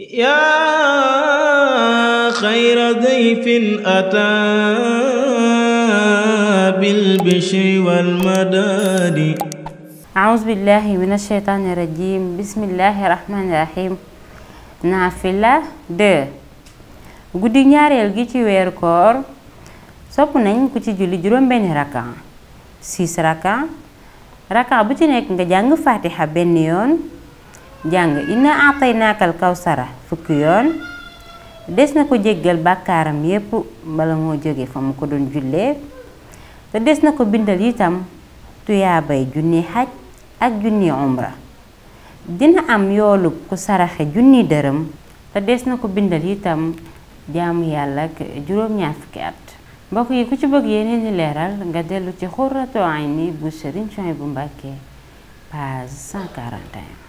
yaa xayra dayfin ataa bil bishri wal madaadi أعوذ بالله من الشيطان الرجيم بسم الله الرحمن الرحيم naafila guddi ñaareel gi ci weeru koor sopp nañ ku ci julli juróom benn rakan 6 rakan rakan bu ci nekk nga jàng fatiha benn yoon jàng inna atay kaw kawsara fukki yoon des na ko jéggal bàkkaaram yépp bala moo jóge fa mu ko doon jullee te des na ko bindal itam tuyaabay junni xaj ak junni umra dina am yoolu ku saraxe junni dërëm te des na ko bindal itam jaamu yàlla ak juróom-ñaar fukki at mbokk yi ku ci bëgg yeneen i leeral nga dellu ci xurratu ayni bu Serigne Souhaïbou bu Mbacké page 141